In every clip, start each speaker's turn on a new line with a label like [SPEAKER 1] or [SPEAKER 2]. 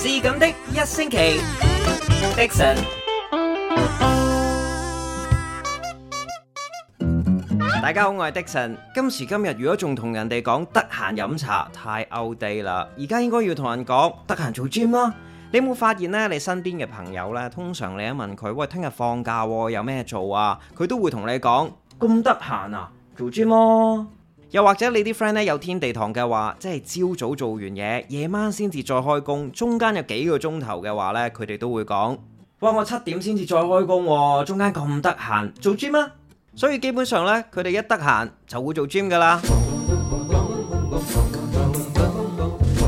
[SPEAKER 1] 是咁的一星期 Dixon 大家好，我係 Dixon 今時今日，如果仲同人哋講得閒飲茶，太 outdate 啦。而家應該要同人講，得閒做 gym 咯。你有冇發現呢？你身邊嘅朋友呢，通常你一問佢，喂，聽日放假有咩做啊？佢都會同你講，咁得閒啊，做 gym 咯。又或者你啲 friend 咧有天地堂嘅話，即係朝早做完嘢，夜晚先至再開工，中間有幾個鐘頭嘅話呢，佢哋都會講：，哇，我七點先至再開工，中間咁得閒做 gym 啊！所以基本上呢，佢哋一得閒就會做 gym 噶啦。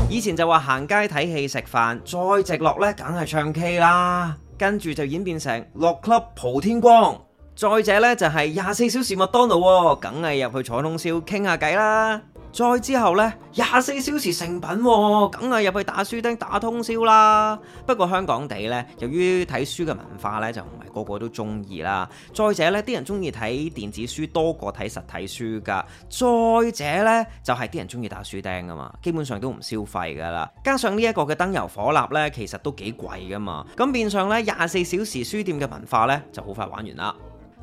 [SPEAKER 1] 以前就話行街睇戲食飯，再直落呢梗係唱 K 啦，跟住就演變成落 club 蒲天光。再者呢，就係廿四小時麥當勞，梗係入去坐通宵傾下偈啦。再之後呢，廿四小時成品，梗係入去打書釘打通宵啦。不過香港地呢，由於睇書嘅文化呢，就唔係個個都中意啦。再者呢，啲人中意睇電子書多過睇實體書噶。再者呢，就係啲人中意打書釘噶嘛，基本上都唔消費噶啦。加上呢一個嘅燈油火蠟呢，其實都幾貴噶嘛。咁變相呢，廿四小時書店嘅文化呢，就好快玩完啦。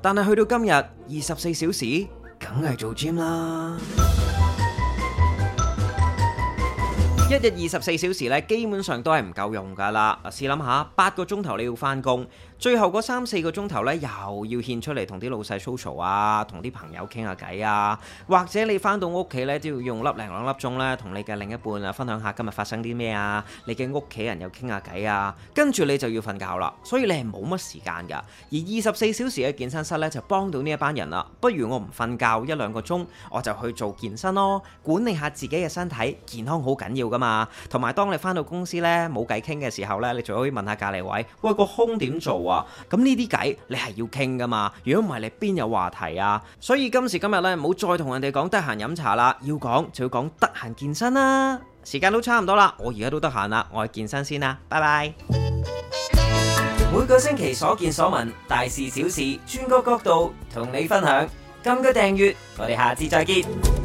[SPEAKER 1] 但係去到今日，二十四小時梗係做 gym 啦。一日二十四小時咧，基本上都係唔夠用噶啦。試諗下，八個鐘頭你要翻工，最後嗰三四個鐘頭咧又要獻出嚟同啲老細 social 啊，同啲朋友傾下偈啊，或者你翻到屋企咧都要用粒零兩粒鐘咧，同你嘅另一半啊分享下今日發生啲咩啊，你嘅屋企人又傾下偈啊，跟住你就要瞓覺啦，所以你係冇乜時間噶。而二十四小時嘅健身室咧就幫到呢一班人啦。不如我唔瞓覺一兩個鐘，我就去做健身咯，管理下自己嘅身體，健康好緊要噶。嘛，同埋當你返到公司呢，冇計傾嘅時候呢，你仲可以問下隔籬位，喂，個空點做啊？咁呢啲計你係要傾噶嘛？如果唔係你邊有話題啊？所以今時今日呢，唔好再同人哋講得閒飲茶啦，要講就要講得閒健身啦。時間都差唔多啦，我而家都得閒啦，我去健身先啦，拜拜。每個星期所見所聞，大事小事，專個角，角度同你分享。撳個訂閱，我哋下次再見。